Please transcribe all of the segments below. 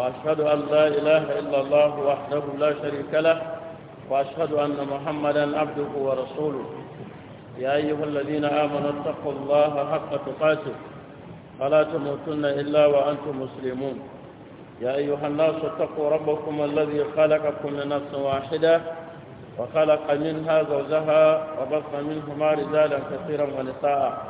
وأشهد أن لا إله إلا الله وحده لا شريك له وأشهد أن محمدا عبده ورسوله يا أيها الذين آمنوا اتقوا الله حق تقاته فلا تموتن إلا وأنتم مسلمون يا أيها الناس اتقوا ربكم الذي خلقكم من نفس واحدة وخلق منها زوجها وبث منهما رجالا كثيرا ونساء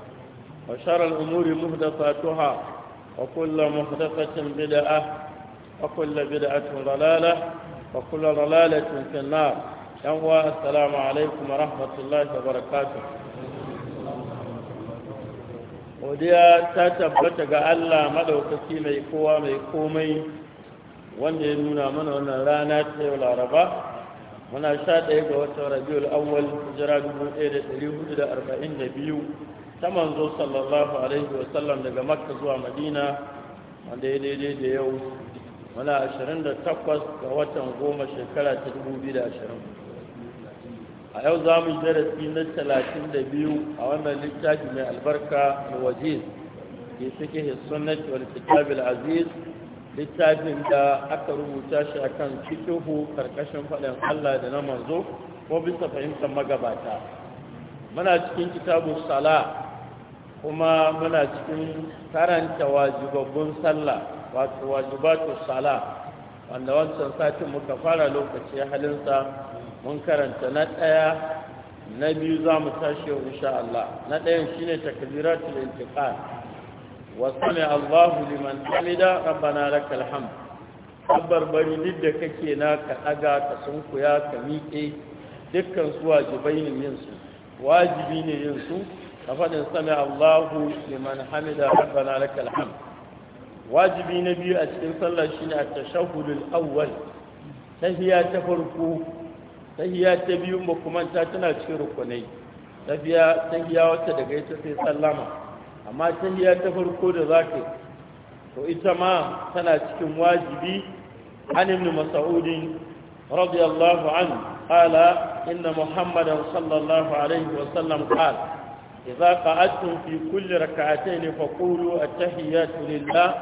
وشر الأمور مهدفاتها وكل مهدفة بدعة وكل بدعة ضلالة وكل ضلالة في النار يوى السلام عليكم ورحمة الله وبركاته وديا تتبت قال الله مدوك سيما يقوى ميقومي وانجي نونا من ونا لا ناتي ولا ربا ونا شاد ايقوة رجل اول جراد من ايرت اليهود الاربعين نبيو ta manzo sallallahu alaihi wasallam daga makka zuwa madina wanda ya daidai da yau da 28 ga watan goma shekara ta 2020 a yau za mu darasi na 32 a wannan littafi mai albarka waje da suke hisunnati wal kitabil aziz littafin da aka rubuta shi a akan cikihu karkashin faɗin Allah da na manzo ko bisa fahimtar magabata muna cikin kitabun sala kuma muna cikin karanta wajibabbun sallah wato wajibatu sala wanda wancan satin muka fara lokaci halinsa mun karanta na ɗaya na biyu za mu tashi insha Allah na ɗayan shine takbiratul intiqal wa sami Allahu liman hamida rabbana lakal hamd kabbar bari duk da kake na ka daga ka sunkuya ka miƙe dukkan su wajibai ne yin su wajibi ne yin su أفضل سمع الله لمن حمد ربنا لك الحمد واجبي نبي أسكن صلى شنا التشهد الأول تهيا تفرقو تهيا تبيو مكمان تاتنا تشيركوني تهيا تهيا وتدقيت في سلامة أما تهيا تفرقو لذاك وإتما سنة كم واجبي عن ابن مسعود رضي الله عنه قال إن محمدا صلى الله عليه وسلم قال إذا قعدتم في كل ركعتين فقولوا التحيات لله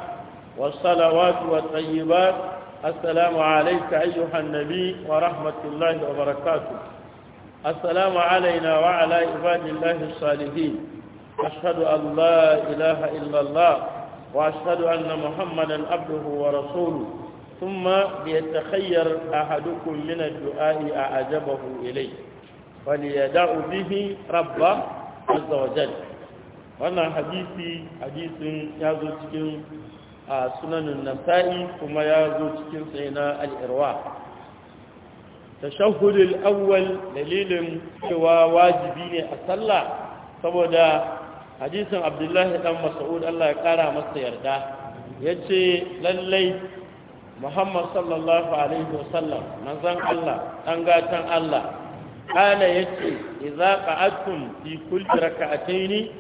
والصلوات والطيبات السلام عليك أيها النبي ورحمة الله وبركاته السلام علينا وعلى عباد الله الصالحين أشهد أن لا إله إلا الله وأشهد أن محمدا عبده ورسوله ثم ليتخير أحدكم من الدعاء أعجبه إليه فليدع به ربه azza wa jal wannan hadisi hadisin ya zo cikin a sunanin nasa'i kuma ya zo cikin sai na al'irwa tashahudul awwal dalilin cewa wajibi ne a sallah saboda hadisin abdullahi dan mas'ud Allah ya kara masa yarda ya ce lallai muhammad sallallahu alaihi wasallam manzan Allah dan gatan Allah kana yace idza qa'atum fi kulli raka'ataini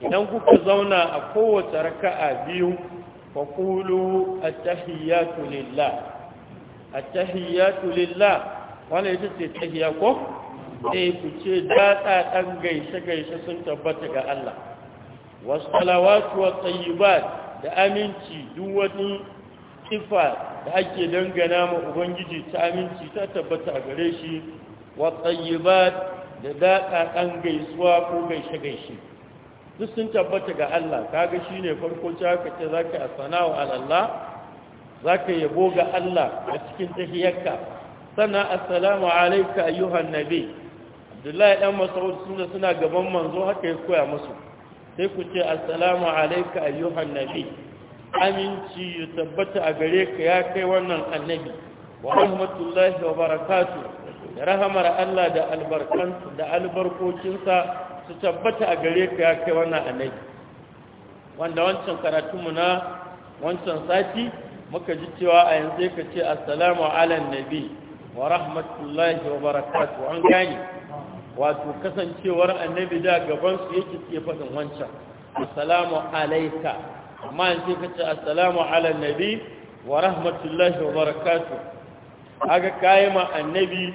idan kuka zauna a kowace raka'a biyu fa qulu at-tahiyatu lillah at-tahiyatu lillah wannan ita ce tahiyya ko sai eh, ku ce datsa dan gaishe gaishe sun tabbata ga Allah was-salawatu wat-tayyibat da aminci duk wani sifa da ake dangana ma ubangiji ta aminci ta tabbata a gare shi ba da daƙaƙan gaisuwa ko gaishe-gaishe duk sun tabbata ga Allah kaga shi ne farko cakace za ka asana wa za ka yabo ga Allah a cikin tahiyarka sana assalamu alaika ayyuhan nabi abdullahi dan masaud suna suna gaban manzo haka ya koya musu sai ku ce assalamu alaika ayyuhan nabi aminci ya tabbata a gare ka ya kai wannan annabi wa rahmatullahi wa barakatu. da rahamar Allah da albarkan da albarkokinsa su tabbata a gare ka ya kai wannan annabi wanda wancan karatunmu na wancan sati muka ji cewa a yanzu ka ce assalamu ala nabi wa rahmatullahi wa barakatu. an gane wato kasancewar annabi da gaban su yake ke fadin wancan assalamu alayka amma yanzu ka ce assalamu ala nabi wa rahmatullahi wa barakatuh aga kayi ma annabi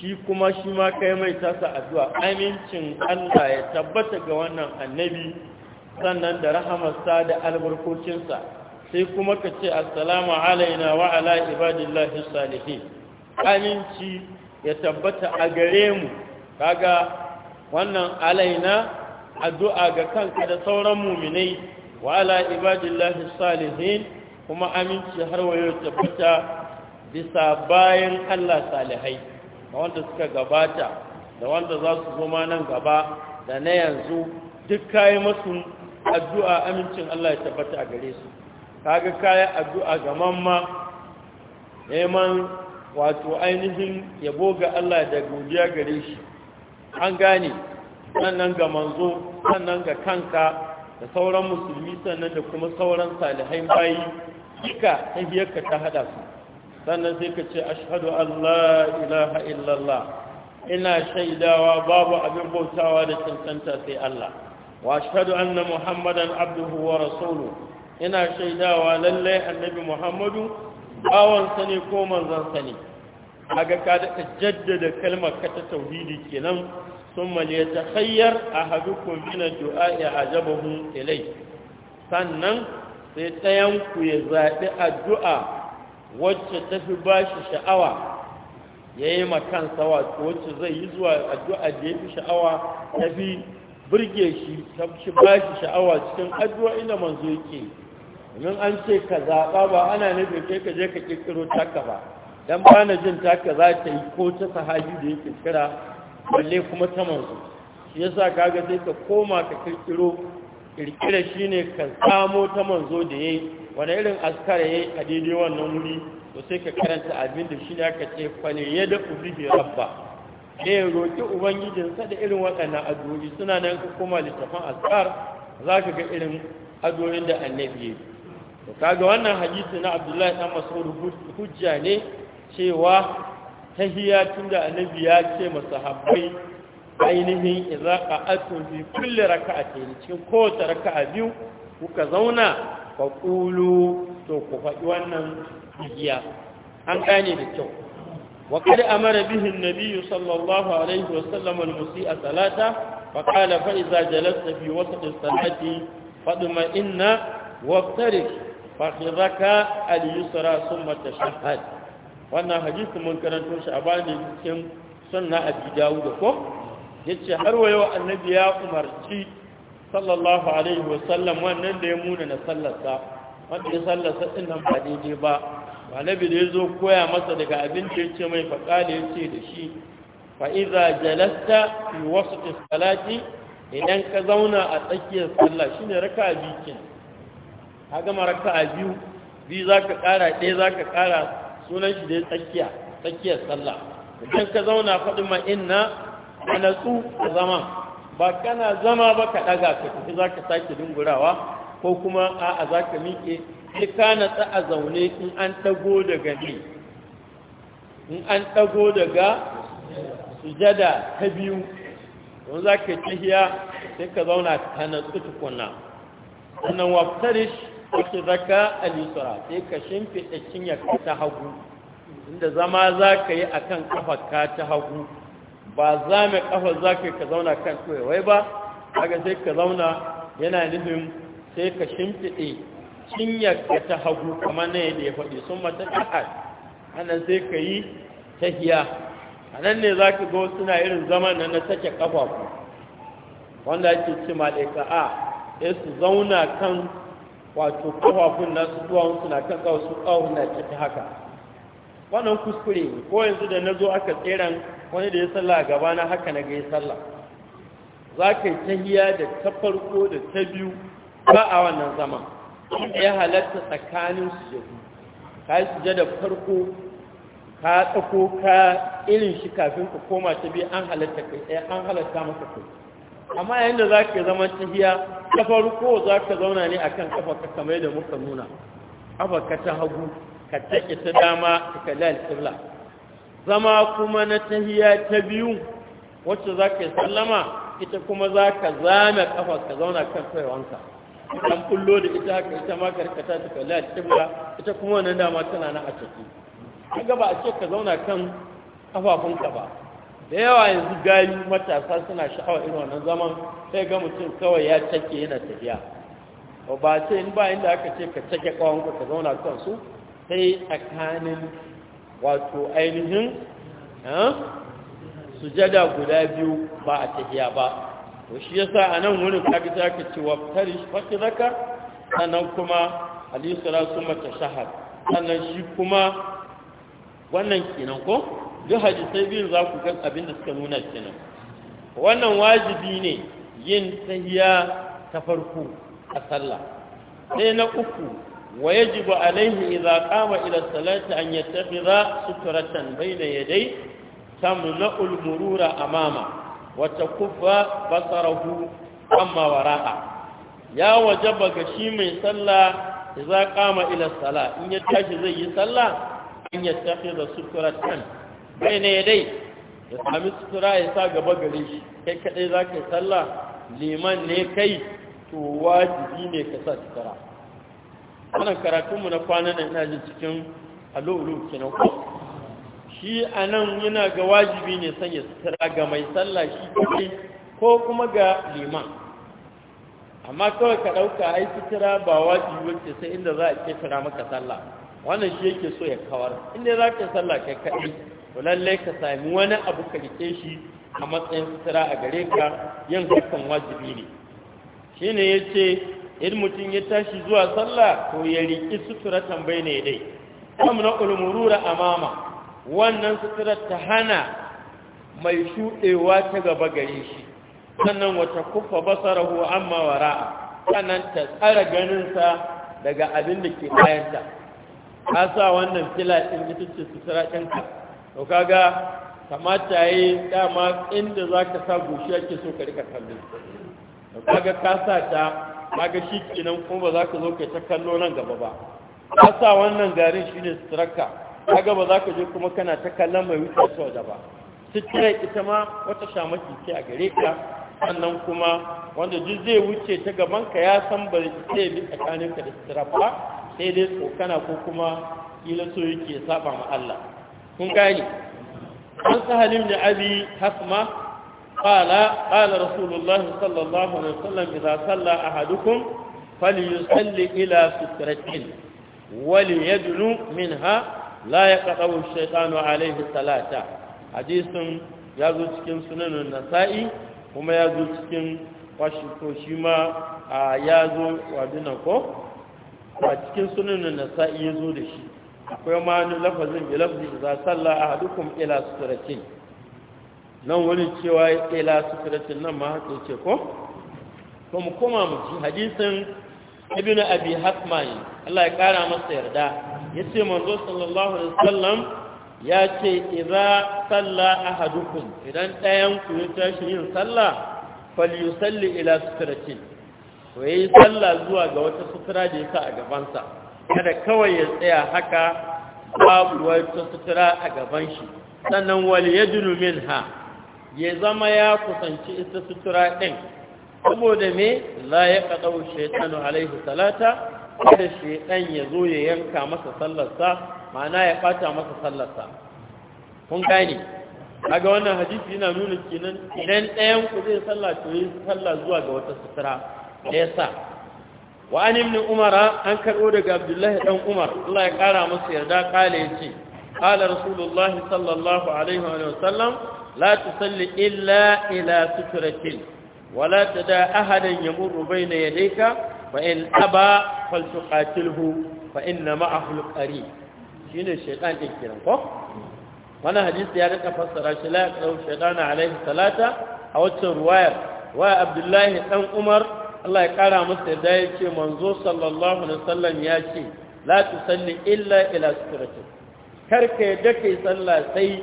shi kuma shi ma kai mai tasa addu'a amincin Allah ya tabbata ga wannan annabi sannan da rahamarsa da albarkocinsa sai kuma ka ce assalamu alaina wa ala ibadillahi salihin aminci ya tabbata a gare mu kaga wannan alaina addu'a ga kanka da sauran muminai wa ala ibadillahi salihin kuma aminci har wayo tabbata bisa bayan Allah salihai da wanda suka gabata da wanda za su zo nan gaba da na yanzu duk kayi masu addu'a amincin Allah ya tabbata a gare su kaga kayan addu'a ga mamma neman wato ainihin yabo ga Allah da godiya gare shi an gane sannan ga manzo sannan ga kanka da sauran musulmi sannan da kuma sauran salihai bayi duka tahiyarka ta hada su sannan sai ka ce ashhadu Allah ilaha illallah ina shaidawa babu abin bautawa da cancanta sai Allah wa ashhadu anna muhammadan abduhu wa rasuluhu ina shaidawa lallai annabi muhammadu bawansa ne ko manzansa ne kaga ka jaddada kalmar ka ta tauhidi kenan sun maliya ta hayar a ko mina du'a'i a jabahun ilai sannan sai ku ya zaɓi addu'a wacce ta fi ba shi sha'awa ya yi makansa wato wacce zai yi zuwa addu'a da ya fi sha'awa ya fi birge shi ta fi ba shi sha'awa cikin addu'a inda manzo yake domin an ce ka zaɓa ba ana nufin kai ka je ka ƙirƙiro taka ba dan ba na jin taka za ta yi ko ta sahaji da yake kira balle kuma ta manzo shi yasa kaga sai ka koma ka ƙirƙiro ƙirƙira shine ka samo ta manzo da yayi wani irin askara ya yi a daidai wannan wuri to sai ka karanta abin da shi ne aka ce ya da ubihi rabba da ya roƙi ubangijinsa da irin waɗannan addu'o'i suna nan ka koma littafin askar za ka ga irin addu'o'in da annabi ya to kaga wannan hadisi na abdullahi dan mas'ud hujja ne cewa ta tun tunda annabi ya ce masahabbai ainihin idza qa'atun fi kulli raka'atayn cikin kowace raka'a biyu kuka zauna faƙulu to ku wannan igiya an gane da kyau Waƙar a amara bihin nabiyyu sallallahu alaihi wa sallam al-musi'a salata fa qala fa idza jalasta fi wasat as-salati inna waftarik fa khidaka al-yusra thumma tashahhad wannan hadisi mun karanto shi a bani cikin sunna abi dawud ko yace har wayo annabi ya umarci sallallahu alaihi wasallam wannan da ya muna na sallarsa wanda ya sallarsa ɗin nan ba daidai ba Ba annabi da ya zo koya masa daga abin da ya ce mai faƙali ya ce da shi fa'iza jalasta fi wasu salati idan ka zauna a tsakiyar sallah shi ne raka a biyu a gama raka a biyu biyu za ka ƙara ɗaya za ka ƙara sunan shi da ya tsakiya tsakiyar sallah idan ka zauna faɗi ma'ina a natsu a zama ba kana zama ba ka ɗaga ka tafi za ka sake dungurawa ko kuma a'a za ka miƙe sai ka natsa a zaune in an ɗago daga ne in an ɗago daga sujada ta biyu don za ka tahiya sai ka zauna ka natsu kunna. Wannan waftarish wacce zaka alisura sai ka shimfiɗa cinyar ta hagu inda zama za ka yi a kan ka ta hagu ba za mu kafa za ka ka zauna kan wai ba haka sai ka zauna yana nufin sai ka shimfiɗe cinyarka ta hagu kamar na yadda ya faɗi sun mata ƙasar anan sai ka yi tahiya a nan ne za ka ga suna irin zaman nan na sake ƙafafu wanda ake ce ka a sai su zauna kan wato ƙafafun nasu zuwa suna kan kawo su ƙawun na ta haka wannan kuskure ko yanzu da na zo aka tseren wani da ya salla a gaba na haka na ga ya salla za ka yi tahiya da ta farko da ta biyu ba a wannan zaman ya halatta tsakanin su ku. ka yi sujada farko ka tsako ka irin shi kafin ka koma ta biyu an halatta kai ɗaya an halatta masa kai amma yayin da za ka zama tahiya ta farko za ka zauna ne akan kafa ka kamar da muka nuna kafa ka ta hagu ka take ta dama ka kalli alƙibla zama kuma na tahiya ta biyu wacce za ka yi sallama ita kuma za ka zame kafa ka zauna kan tsayawanka an kullo da ita haka ita ma karkata ta kalli ta ita kuma wannan dama tana na a ciki kaga ba a ce ka zauna kan kafafunka ba da yawa yanzu gari matasa suna sha'awa irin wannan zaman sai ga mutum kawai ya take yana tafiya ba sai in ba inda aka ce ka take kawanka ka zauna kan su sai tsakanin wato ainihin sujada guda biyu ba a tafiya ba to shi yasa a nan wani kaga za ka ce waftari faɗi zaka sannan kuma alisura su mata shahar sannan shi kuma wannan kenan ko duk Haji sai biyun za ku gan abin da suka nuna kenan wannan wajibi ne yin tahiya ta farko a sallah sai na uku ويجب عليه إذا قام إلى الصلاة أن يتخذ سترة بين يديه تمنع المرور أمامه وتكف بصره أما وراءه يا وجب كشيم صلى إذا قام إلى الصلاة إن يتخذ زي صلى أن يتخذ سترة بين يديه ya سترة sutura ya sa gaba gare shi kai kaɗai za ka yi wannan karatunmu na kwanan nan ina jin cikin alulu kenan ko shi anan yana ga wajibi ne sanya sutura ga mai sallah shi kai ko kuma ga liman amma kawai ka dauka ai sutura ba wajibi wacce sai inda za a kira maka sallah wannan shi yake so ya kawar inda za ka sallah kai kai to lalle ka sami wani abu ka rike shi a matsayin sutura a gare ka yin hakan wajibi ne shine yace in mutum ya tashi zuwa sallah to ya riƙi sutura tambayi ne dai amna ulmurura amama wannan sutura ta hana mai shuɗewa ta gaba gare shi sannan wata kufa basarahu amma wara'a sannan ta tsara ganinsa daga abin da ke bayanta ka sa wannan fila ɗin ita ce sutura ɗinka to kaga kamata yi dama inda za ka sa gushi ake so ka rika kallon ka ga ka sa ta kaga shi kenan kuma ba za ka zo kai ta kallo nan gaba ba kasa wannan garin shine straka kaga ba za ka je kuma kana ta kallon mai wuce ta waje ba sitira ita ma wata shamaki ce a gare ka sannan kuma wanda duk zai wuce ta gaban ka ya san ba zai bi tsakanin ka da straka sai dai tsokana ko kuma kila so yake saba ma Allah kun gane an sahalim da abi hasma قال قال رسول الله صلى الله عليه وسلم إذا صلى أحدكم فليصلي إلى سترته وليدنو منها لا يقطع الشيطان عليه الصلاة حديث يزو cikin sunanin nasa'i kuma yazo cikin washiko shi ma yazo wadina ko a cikin sunanin nasa'i yazo da shi akwai ma lafazin bi lafzi idza salla ahadukum ila suratin nan wurin cewa ila nan ma haka ce ko ko mu koma mu ci hadisin ibn abi hasmani Allah ya kara masa yarda yace manzo sallallahu alaihi wasallam ya ce idza salla ahadukum idan ɗayan ku ya tashi yin sallah yusalli ila sutratin to yayi sallah zuwa ga wata sutura da yake a gabansa kada kawai ya tsaya haka babu wata sutura a gaban shi sannan wal min minha ya zama ya kusanci ita sutura ɗin saboda me la ya kaɗau shaitanu alaihi salata kada shaitan ya zo ya yanka masa sallarsa ma'ana ya ɓata masa sallarsa kun gane ga wannan hadisi yana nuna kenan idan ɗayan ku zai sallah to yi sallah zuwa ga wata sutura da ya sa wa an ibn umara an karɓo daga abdullahi Ɗan umar Allah ya ƙara masa yarda ya ce. qala rasulullahi sallallahu alaihi wa sallam لا تصلي إلا إلى سترة ولا تدع أحدا يمر بين يديك فإن أبى فلتقاتله فإن معه القريب شين الشيطان إكرام قف وانا حديث يارك فسر شلاك لو الشيطان عليه الصلاة أو الرواية وعبد الله أم عمر الله يقرأ مصر دايك منظور صلى الله عليه وسلم ياشي la tusalli illa ila sutratin karka yadda kai sallah sai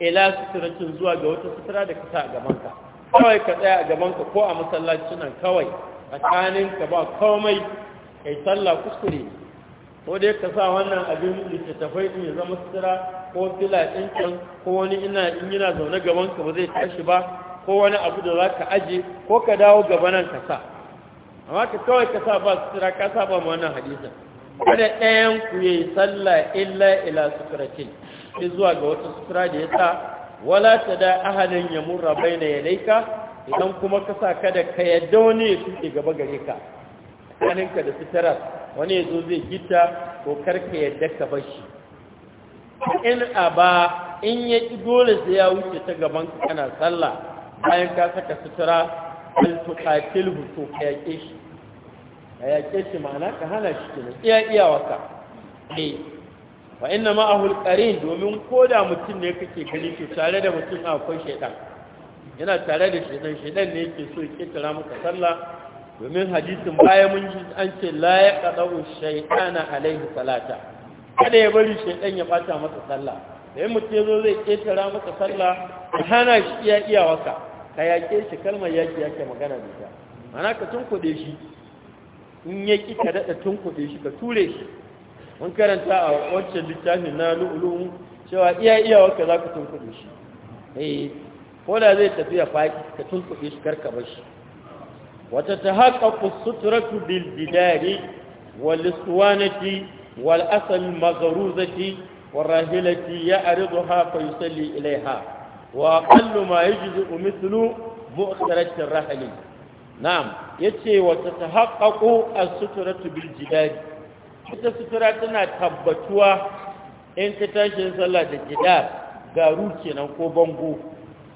ila suturatin zuwa ga wata sutura da kasa a gabanka kawai ka tsaya a gabanka ko a masallacin nan kawai kanin ka ba komai kai sallah kuskure ko dai ka sa wannan abin littattafai din ya zama sutura ko fila ɗin can ko wani ina in yana zaune gabanka ba zai tashi ba ko wani abu da za ka aje ko ka dawo gabanan ka sa amma ka kawai ka sa ba sutura ka sa ba wannan hadisin kada ɗayan ku yi sallah illa ila suturatin sai zuwa ga wata sutura da ya sa wala ta da ahalin ya murra bai na ya laika idan kuma ka sa kada ka yadda wani ya suke gaba gare ka tsakaninka da sutura wani ya zo zai gita ko karka yadda ka bar shi in a ba in ya ƙi dole sai ya wuce ta gaban ka kana sallah bayan ka saka sutura al tuqatil to ka yaƙe shi ka yaƙe shi ma'ana ka hana shi kenan iya iyawarka eh. fa inna a qarin domin koda mutum ne kake gani ke tare da mutum akwai shaidan? yana tare da shaidan, shaidan ne yake so yake tara maka sallah domin hadisin baya mun ji an ce la shaytana alaihi salata kada ya bari shaidan ya bata masa sallah sai mutum yazo zai ketara maka sallah hana shi iya waka. ka yake shi kalmar yaki yake magana da ita mana ka tunkude shi in yaki ka daɗa tunkude shi ka ture shi mun karanta a wancan littafin na lu'ulun cewa iya iya wanka za ku tunkuɗe shi eh ko da zai tafiya faɗi ka tunkuɗe shi karka bar shi wata ta haƙa kusuturatu bil didari wal suwanati wal asal mazruzati wal rahilati ya'riduha fa yusalli ilayha wa qallu ma yajzu mithlu mu'tarat ar-rahl na'am yace wata ta haƙa kusuturatu bil didari ita sutura tana tabbatuwa in ka tashi sallah da jidar garu kenan ko bango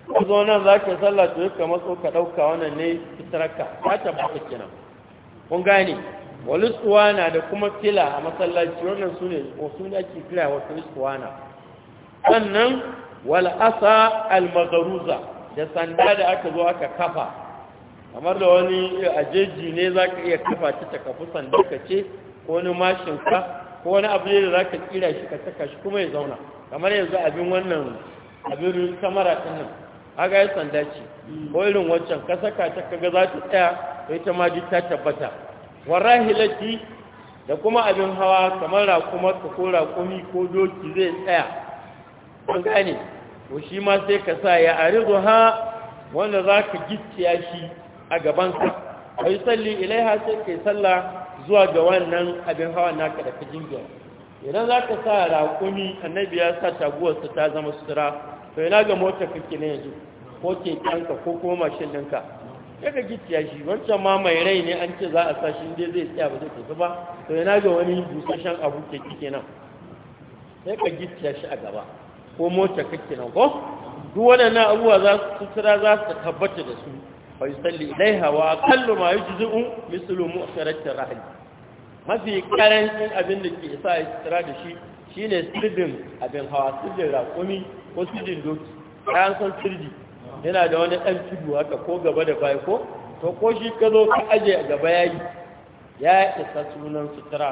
ko zo nan za ka sallah to ka maso ka ɗauka wannan ne ka? ta tabbata kenan kun gane walisuwana da kuma fila a masallaci wannan su ne wasu ne fila wa walisuwana sannan wal'asa almagaruza da sanda da aka zo aka kafa kamar da wani ajeji ne za ka iya kafa ta ta kafu sanda ka ce ko wani mashinka ko wani abu ne da za ka tsira shi ka saka shi kuma ya zauna kamar yanzu abin wannan abin kamara ɗin nan A ya sanda ce ko irin wancan ka saka ta kaga za ta tsaya ko ita ma duk ta tabbata hilaki, da kuma abin hawa kamar rakumar ka ko rakumi ko doki zai tsaya kun gane to shi ma sai ka sa ya arizu ha wanda za ka gicciya shi a gaban ka yi salli ilaiha sai kai sallah zuwa ga wannan abin hawa naka da ka jingina idan za ka sa raƙumi annabi ya sa taguwarsa ta zama sutura to yana ga mota kake ne yanzu ko ke kanka ko kuma mashin ɗinka daga gicciya shi wancan ma mai rai ne an ce za a sa shi inda zai tsaya ba zai tafi ba to yana ga wani busasshen abu ke kike nan sai ka gicciya shi a gaba ko mota kake nan ko duk waɗannan abubuwa za su sutura za su tabbata da su fa yusalli ilaiha wa aqallu ma yujzi'u mislu mu'kharat ar-rahl mafi karancin abin da ke sa istira da shi shine sirdin abin hawa sirdin raƙumi ko sirdin doki kayan san sirdi yana da wani ɗan tudu haka ko gaba da baya ko to ko shi ka zo ka aje a gaba yayi ya isa sunan sutura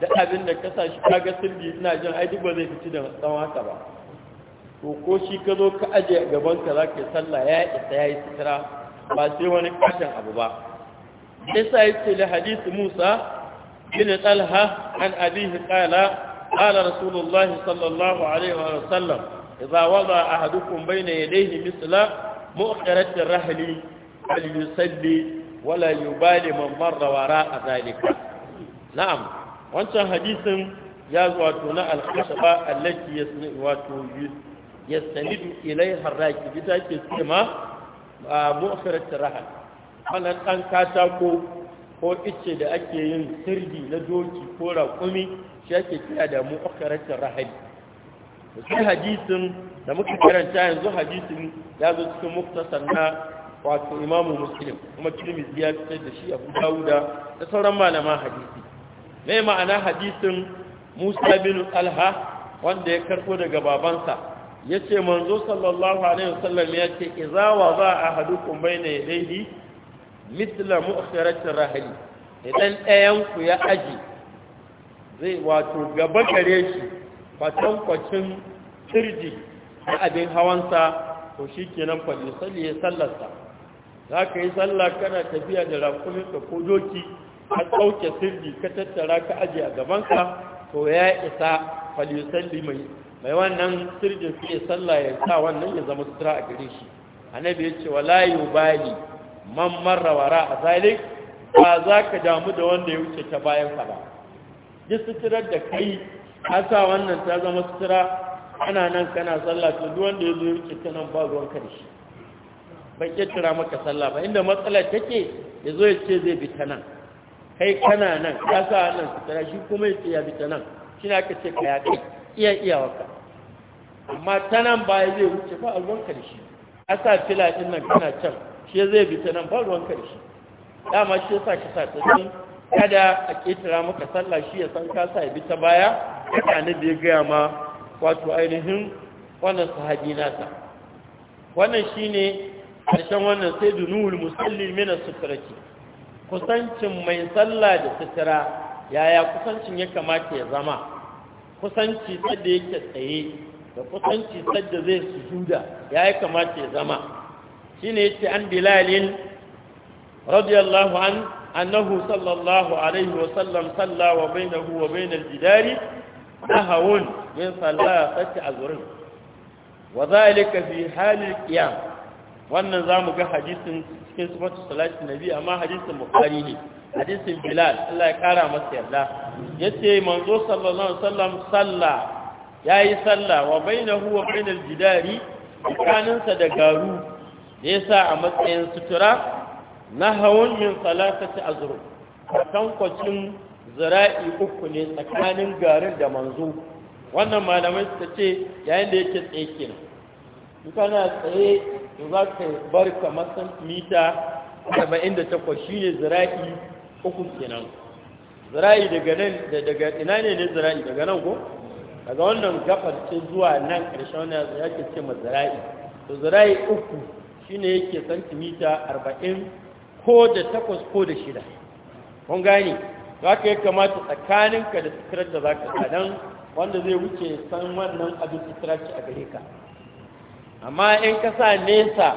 da abin da ka sa shi ka ga sirdi ina jin ai duk ba zai fici da tsawon haka ba to ko shi ka zo ka aje a gaban ka za ka yi sallah ya isa ya yi sutura ba ce wani kashin abu ba isa yace da hadisi Musa bin Talha an abihi qala qala rasulullahi sallallahu alaihi wa sallam idza wada ahadukum bayna yadayhi misla ar rahli falyusalli la yubali man marra wara'a zalika na'am wancan hadisin ya wato na al-khashaba allati yasni wato yastanidu ilayha ar-rakibi take cewa mu'akhirat rahal wannan ɗan katako ko ice da ake yin sirdi na doki ko raƙumi shi ake kira da mu'akhirat rahal sai hadisin da muka karanta yanzu hadisin ya zo cikin muktasar na wato imamu muslim kuma tirmidhi ya fitar da shi abu dawuda da sauran malama hadisi mai ma'ana hadisin musa bin alha wanda ya karɓo daga babansa yace manzo sallallahu alaihi wasallam yace idza za ahadukum bayna yadayhi mithla mu'khirati rahli idan ɗayanku ya aji zai wato gaba gare shi fatan kwacin turji na abin hawansa to shikenan fa yusalli ya sallarsa zaka yi sallah kana tafiya da rakumin ka ko doki ka ɗauke sirri ka tattara ka aji a gabanka to ya isa falisalli mai mai wannan sirjin su ne sallah ya sa wannan ya zama sutura a gare shi annabi ya ce wala yubali man marra wara a zalik ba za ka damu da wanda ya wuce ta bayan ka ba duk suturar da kai a sa wannan ta zama sutura ana nan kana sallah to duk wanda ya zo ya wuce ta nan ba ruwan ka da shi bai tura maka sallah ba inda matsalar take ya zo ya ce zai bi ta nan kai kana nan ka sa wannan sutura shi kuma ya ce ya bi ta nan shi ne aka ce ka ya kai iya iyawarka amma ta nan baya zai wuce ba a ruwan karshe a sa fila ɗin nan kana can shi zai bi ta nan ba ruwan karshe dama shi ya sa ka sa ta can kada a ƙetara maka sallah shi ya san kasa ya bi ta baya yana da ya gaya ma wato ainihin wannan sahabi nasa wannan shi ne ƙarshen wannan sai dunuhul musalli mina suturaki kusancin mai sallah da sutura yaya kusancin ya kamata ya zama kusanci sadda yake tsaye da kusanci sadda zai sujuda ya yi kamata ya zama shi ne ce an bilalin radiyallahu an annahu sallallahu alaihi wasallam salla wa bainahu wa bainal jidari nahawun min salatati azrin wa zalika fi halil qiyam wannan zamu ga hadisin cikin sifatu salati nabi amma hadisin bukhari ne hadisin bilal Allah ya kara masa yarda yace manzo sallallahu alaihi wasallam salla yayi salla wa bainahu wa bainal aljidari tsakaninsa da garu da yasa a matsayin sutura nahawun min salatati azru tankwacin zira'i uku ne tsakanin garin da manzo wannan malamai suka ce yayin da yake tsaye kenan in kana tsaye za ka bar kamar mita 78 ne zira'i uku kenan zira'i daga nan da daga ina ne ne zira'i daga nan ko daga wannan gafar ce zuwa nan ƙarshen wannan ya ke ce ma zira'i to zira'i uku shine yake santimita arba'in ko da takwas ko da shida kun gane za ka yi kamata tsakaninka da sitirar da za ka tsadan wanda zai wuce san wannan abin sukirar a gare ka amma in ka sa nesa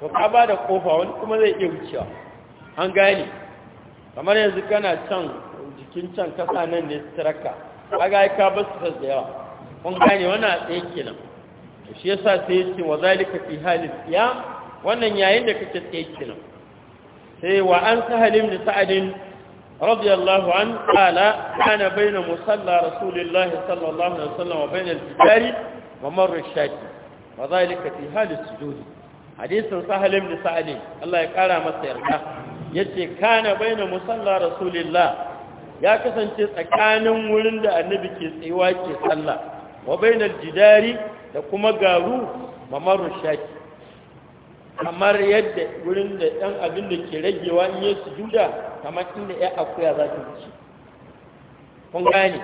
to ka ba da kofa wani kuma zai iya wucewa an gane kamar yanzu kana can jikin can kasa nan ne siraka kaga ai ka basu ta da yawa kun gane wannan a tsaye kenan shi yasa sai ya ce wa zalika fi halin ya wannan yayin da kake tsaye kenan sai wa an sahalim da sa'adin رضي الله عنه قال كان بين wa رسول الله صلى الله عليه وسلم وبين الفجار ومر fi halis في حال السجود da سهل بن ya kara masa yarda. yace kana baina musalla rasulillah ya kasance tsakanin wurin da annabi ke tsayuwa ke sallah wa bainal jidari da kuma garu mamaru shaki kamar yadda wurin da dan abin da ke ragewa in yi sujuda kamar inda ya akuya za ta wuce kun gane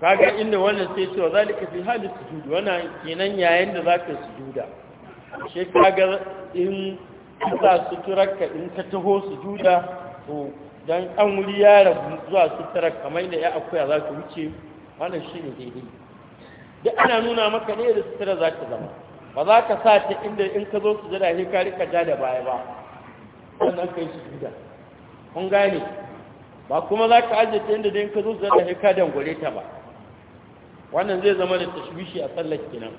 kaga inda wannan sai cewa zalika fi halis sujudi wannan kenan yayin da za sujuda shi kaga in ka su suturarka in ka taho juda to dan an wuri ya rabu zuwa suturar kamar da ya akuya za ka wuce wannan shi ne daidai duk ana nuna maka ne da sutura za ka zama ba za ka sa ta inda in ka zo su jira he ka rika ja da baya ba wannan kai juda. kun gane ba kuma za ka ajiye ta inda da in ka zo jira he ka dangwale ta ba wannan zai zama da tashwishi a tsallar kenan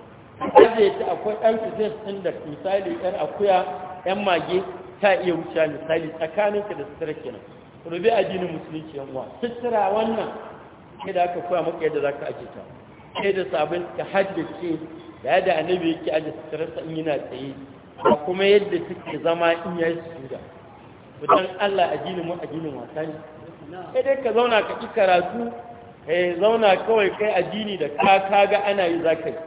ajiye ta akwai ɗan fitis ɗin da misali ɗan akuya yan mage ta iya wuce misali tsakaninka da sutura kenan rubi addinin musulunci yan uwa sutura wannan sai da aka koya maka yadda zaka aje ta sai da sabon ka haddace da yadda annabi yake aje sa in yana tsaye Ba kuma yadda take zama in yayi sujuda dan Allah addinin mu addinin wasa ne sai dai ka zauna ka ki karatu ka zauna kawai kai addini da ka kaga ana yi za ka yi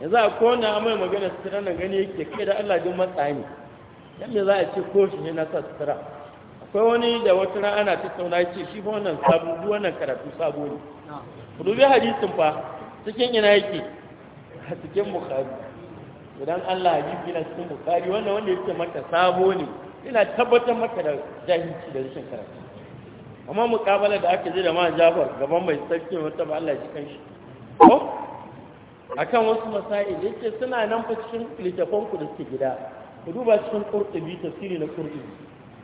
yanzu a kowane amai magana su ranar gani yake kai da allah duk matsa ne dan me za a ce ko shi ne na sassara akwai wani da wata rana ana tattauna ce shi fa wannan sabo duk wannan karatu sabo ne ku dubi hadisin fa cikin ina yake a cikin bukari idan Allah hadisi na cikin bukari wannan wanda yake mata sabo ne ina tabbatar maka da jahilci da rashin karatu amma muƙabala da aka je da ma Jafar gaban mai sarki wata ba Allah shi kanshi ko akan wasu masail yake suna nan fa cikin littafin ku da suke gida Ku duba cikin ƙurɗubi tafsiri na ƙurɗubi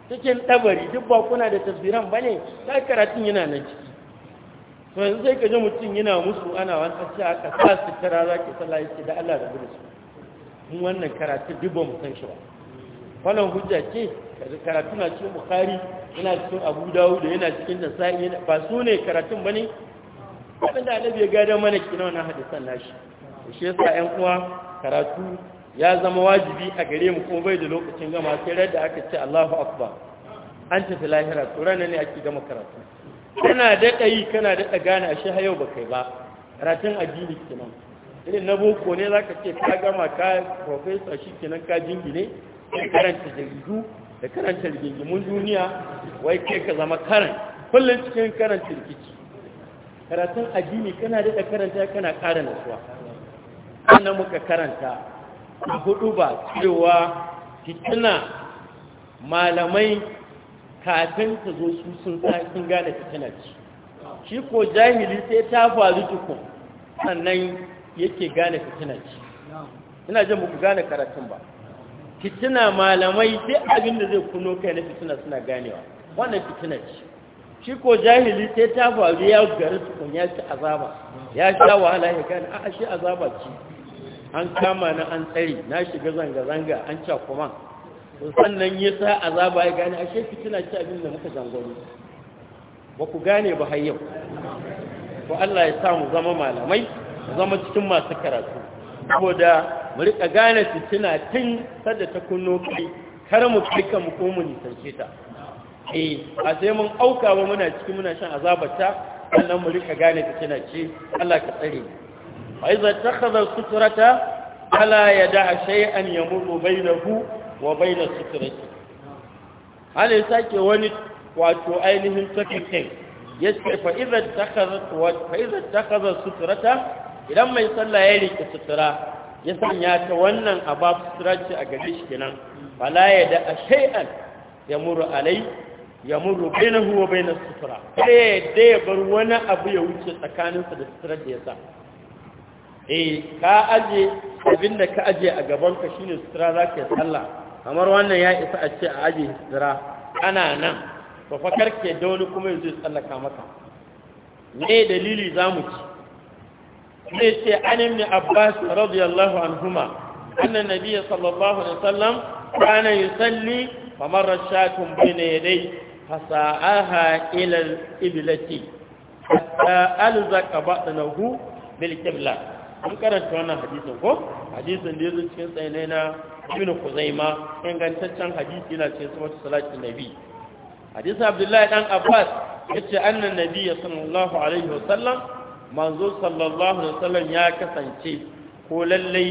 cikin ɗabari duk ba kuna da tafsiran ba ne ta karatun yana nan ciki to yanzu sai ka ji mutum yana musu ana wani ƙasa a sa su tara za ki sala ya da Allah da gudu su mun wannan karatu duk ba mu san shi ba wannan hujja ce karatu na cikin bukhari yana cikin abu dawud yana cikin nasa'i ba su ne karatun ba ne abinda annabi ya gada mana kina wannan hadisan nashi shi yasa ƴan uwa karatu ya zama wajibi a gare mu kuma bai da lokacin gama sai da aka ce Allahu akbar an tafi lahira tsoron ne ake gama karatu kana daɗa yi kana daɗa gane a shi yau ba kai ba karatun addini kenan irin na boko ne za ka ce ka gama ka profesa shi kenan ka jingine da karanta jaridu da karanta rigingimun duniya wai kai ka zama karan kullum cikin karanta rikici karatun addini kana daɗa karanta kana ƙara nasuwa sannan muka karanta a hudu ba cewa fitina malamai kafin ta zo su sun sakin gane fitina ce shi ko jahili sai ta faru tukun sannan yake gane fitina ce ina jin muku gane karatun ba fitina malamai sai abin da zai kuno kai na fitina suna ganewa wannan fitina ce shi ko jahili sai ta faru ya gari tukun ya ci azaba ya sha wahala ya gane a shi azaba ce an kama ni an tsari na shiga zanga-zanga an cakuman sannan ya sa azaba ya gane ashe fitina ci abin da muka zangoni ba ku gane ba har yau ko Allah ya sa mu zama malamai zama cikin masu karatu Ko da mu riƙa gane fitina tun sada ta kunno kai kar mu kai mu ko mu nisance ta eh a sai mun auka ba muna cikin muna shan azabata sannan mu rika gane fitina ce Allah ka tsare mu فإذا اتخذ السترة فلا يدع شيئا يمر بينه وبين السترة هل يساك ونت واتو أينهم تكتين يسكي فإذا اتخذت فإذا اتخذ السترة idan mai sallah ya rike sutura ya sanya ta wannan abab sutura ce a gare shi kenan fala ya da a shay'an ya muru alai ya muru bainahu sutura sai ya bar wani abu ya wuce tsakaninsa da sutura da ya eh ka aje abin da ka aje a gabanka ka shine sutura za ka yi sallah kamar wannan ya isa a ce a aje sutura ana nan ba fa karke da wani kuma yanzu ya tsallaka maka Ne dalili za mu ci ne ce an ibn abbas radiyallahu anhuma anna nabiyya sallallahu alaihi wasallam kana yusalli fa marra shatun bayna yadayhi fasa'aha ila al-iblati hatta alzaqa batnahu bil qibla an karanta wannan hadisin ko hadisin da yazo cikin tsaye na ibn kuzaima ingantaccen hadisi yana cikin sunan salatin nabi hadisi abdullahi dan abbas yace annan nabi sallallahu alaihi wasallam manzo sallallahu alaihi wasallam ya kasance ko lallai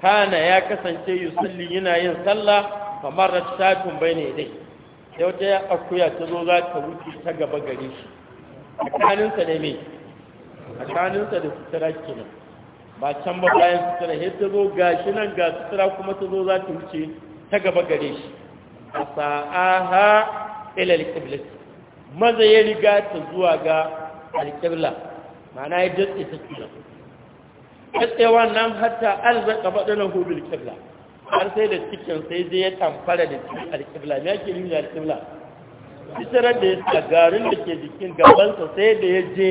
kana ya kasance yusalli yana yin sallah kamar ratatun bayne dai sai wata akuya ta zo za ta wuce ta gaba gare shi sa da me sa da sutura kenan ba can ba bayan sutura ya ta zo ga shi nan ga sutura kuma ta zo za ta wuce ta gaba gare shi a sa'aha ila kibla maza ya riga ta zuwa ga alƙibla ma'ana ya datse ta tura datsewa nan hatta arzaka ɗana hudu alƙibla har sai da cikin sai zai ya tamfara da cikin alƙibla ya ke nuna alƙibla fitarar da ya sa garin da ke jikin gabansa sai da ya je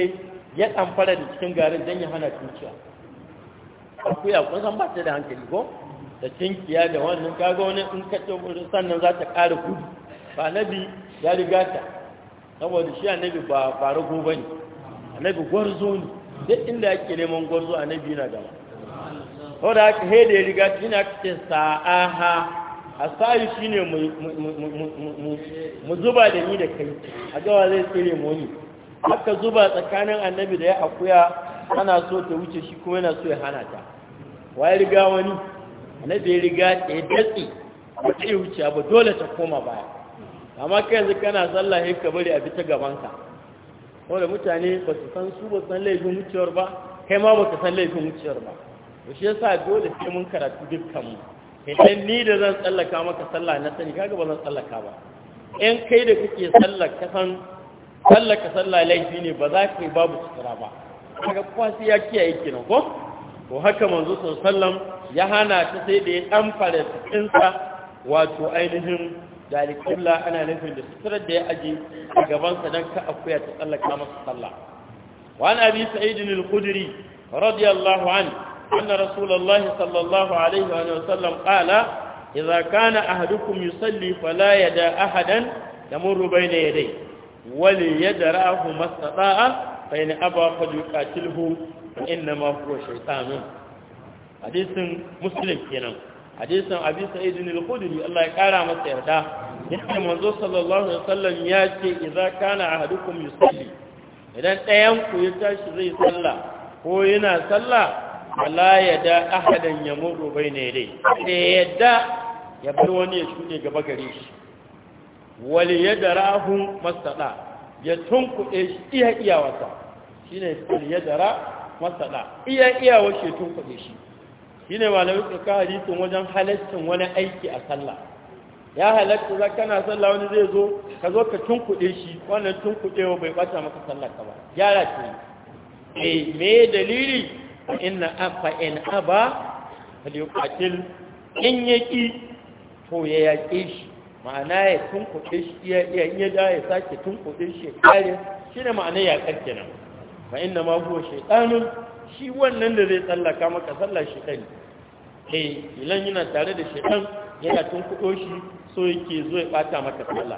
ya tamfara da cikin garin don ya hana tuciya akuya kun san ba ta da hankali ko da cinkiya da wannan kaga wani in ka ce sannan za ta ƙara gudu ba annabi ya riga ta saboda shi annabi ba ba ne bane annabi gwarzo ne duk inda yake neman gwarzo annabi yana gaba ko da haka he da ya riga ta yana cikin sa'aha asayu shi ne mu zuba da ni da kai a gawa zai tsere mu ne haka zuba tsakanin annabi da ya akuya ana so ta wuce shi kuma yana so ya hana ta waye riga wani annabi ya riga da datsi ba ta yi wuce ba dole ta koma baya amma kai yanzu kana sallah sai ka bari a bi ta gabanka wanda mutane ba su san su ba san laifin wucewar ba kai ma ba ka san laifin wucewar ba to shi yasa dole sai mun karatu dukkanmu idan ni da zan tsallaka maka sallah na sani kaga ba zan tsallaka ba in kai da kake sallah ka san sallah ka sallah laifi ne ba za ka yi babu sutura ba kaga kwasi ya kiyaye kenan ko to haka manzo sallam ya hana ta sai da ya kamfara cikinsa wato ainihin da ana nufin da suturar da ya aje a gabansa don ka akuya ta tsallaka masa sallah wa an abi sa'idin al-khudri radiyallahu an anna rasulullahi sallallahu alaihi wa sallam qala idza kana ahadukum yusalli fala yada ahadan yamurru bayna yaday wal yadrahu mastata'a fa in aba fa yuqatilhu wa innama huwa shaytanun muslim kenan hadisin abi sa'id al-khudri Allah ya kara masa yarda yadda manzo sallallahu alaihi wasallam ya ce idza kana ahadukum yusalli idan ɗayan ku ya tashi zai salla ko yana salla wala yada ahadan yamuru bayna yadai sai yadda ya bar wani ya shuɗe gaba gare shi wal yadrahu masala ya tunkuɗe shi iya iyawarsa shi ne ya dara masaɗa iya iyawar shi tunkuɗe shi shi ne malamai suka hadisin wajen halaccin wani aiki a sallah ya halatta za kana sallah wani zai zo ka zo ka tunkuɗe shi wannan tunkuɗewa bai ɓata maka sallah ka ba gyara ce eh me dalili inna afa in aba falyuqatil in yaki to ya yaƙe shi ma'ana ya tunkuɗe shi iya iya da ya sake tunkuɗe shi ya kare shi ne ma'ana ya ƙarfe nan Ba inda ma huwa shaytanun shi wannan da zai tsallaka maka sallar ɗan ne eh, ilan yana tare da shaiɗan yana tunkuɗo shi so yake zo ya bata maka tsalla.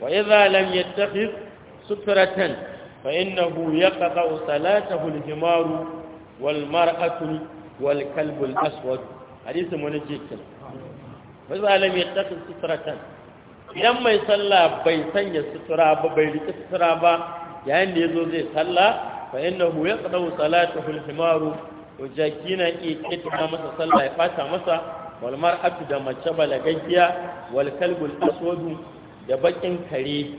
wa idza lam tafi sutratan fa innahu yaqta'u salatahu al-himaru wal mar'atu wal kalbu Walkalbul aswad hadisin wani je wa ya tafi sutura sutratan idan mai sallah bai sanya sutura ba bai riki sutura ba yayin da ya zo zai sallah fa innahu yaqdau salatahu al-himaru to jaki na iya kitta masa sallah ya fata masa wal mar'atu da mace balagaggiya wal kalbul aswadu da bakin kare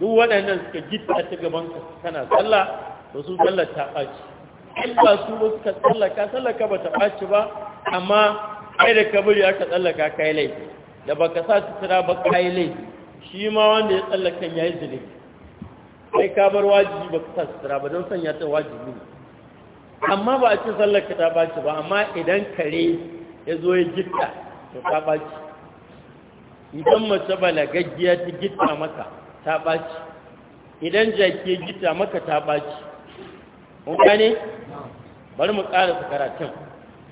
duk waɗannan suka gitta ta gaban ka kana sallah to su sallar ta ɓaci in ba su ba suka sallaka sallaka ba ta ɓaci ba amma kai da kabari aka tsallaka kai laifi da baka sa sutura ba kai laifi shi ma wanda ya tsallaka ya yi zunubi kai ka bar wajibi ba ka sa sutura ba don sanya ta wajibi ne amma ba a ce tsallaka ta baci ba amma idan kare ya zo ya gitta to ta baci idan mace balagaggiya ta gitta maka ta baci idan jaki ya gitta maka ta baci kun gane bari mu ƙara karatun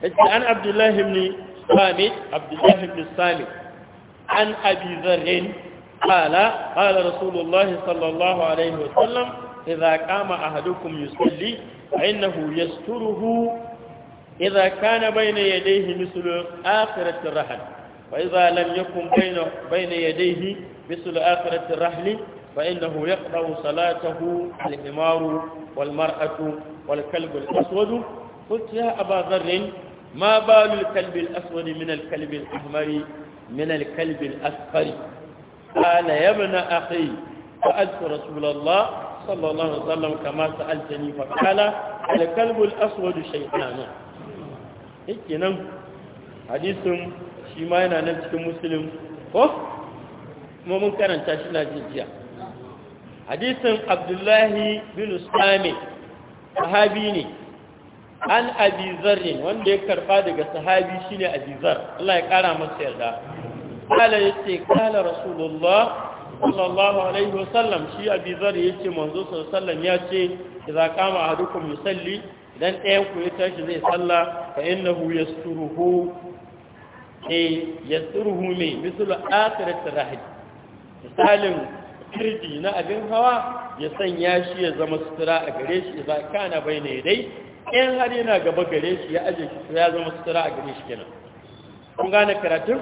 Ita an abdullahi ne. الصامت عبد الله بن الصامت عن أبي ذر قال قال رسول الله صلى الله عليه وسلم إذا قام أحدكم يصلي فإنه يستره إذا كان بين يديه مثل آخرة الرحل وإذا لم يكن بين, بين يديه مثل آخرة الرحل فإنه يقضى صلاته الحمار والمرأة والكلب الأسود قلت يا أبا ذر ma balul kalbil aswadi min alkalbil ahmari min alkalbil asfari قال يا ابن أخي سألت رسول الله صلى الله عليه وسلم كما سألتني فقال الكلب الأسود شيطان هيك نعم حديث شيما yana nan cikin muslim ko kuma mun karanta shi na jiya hadisin abdullahi bin sami sahabi ne an abi zarrin wanda ya karba daga sahabi shine abi zar Allah ya kara masa yarda kala yace kala rasulullah sallallahu alaihi wasallam shi Abizar ya ce, manzo sallallahu ya ce. yace idza qama ahadukum yusalli idan ɗayan ku ya tashi zai salla fa innahu yasturuhu eh yasturuhu me mislu akhirat rahid misalin kirji na abin hawa ya sanya shi ya zama sutura a gare shi idza kana bayna yadai in har yana gaba gare shi ya aje shi ya zama sutura a gare shi kenan kun gane karatun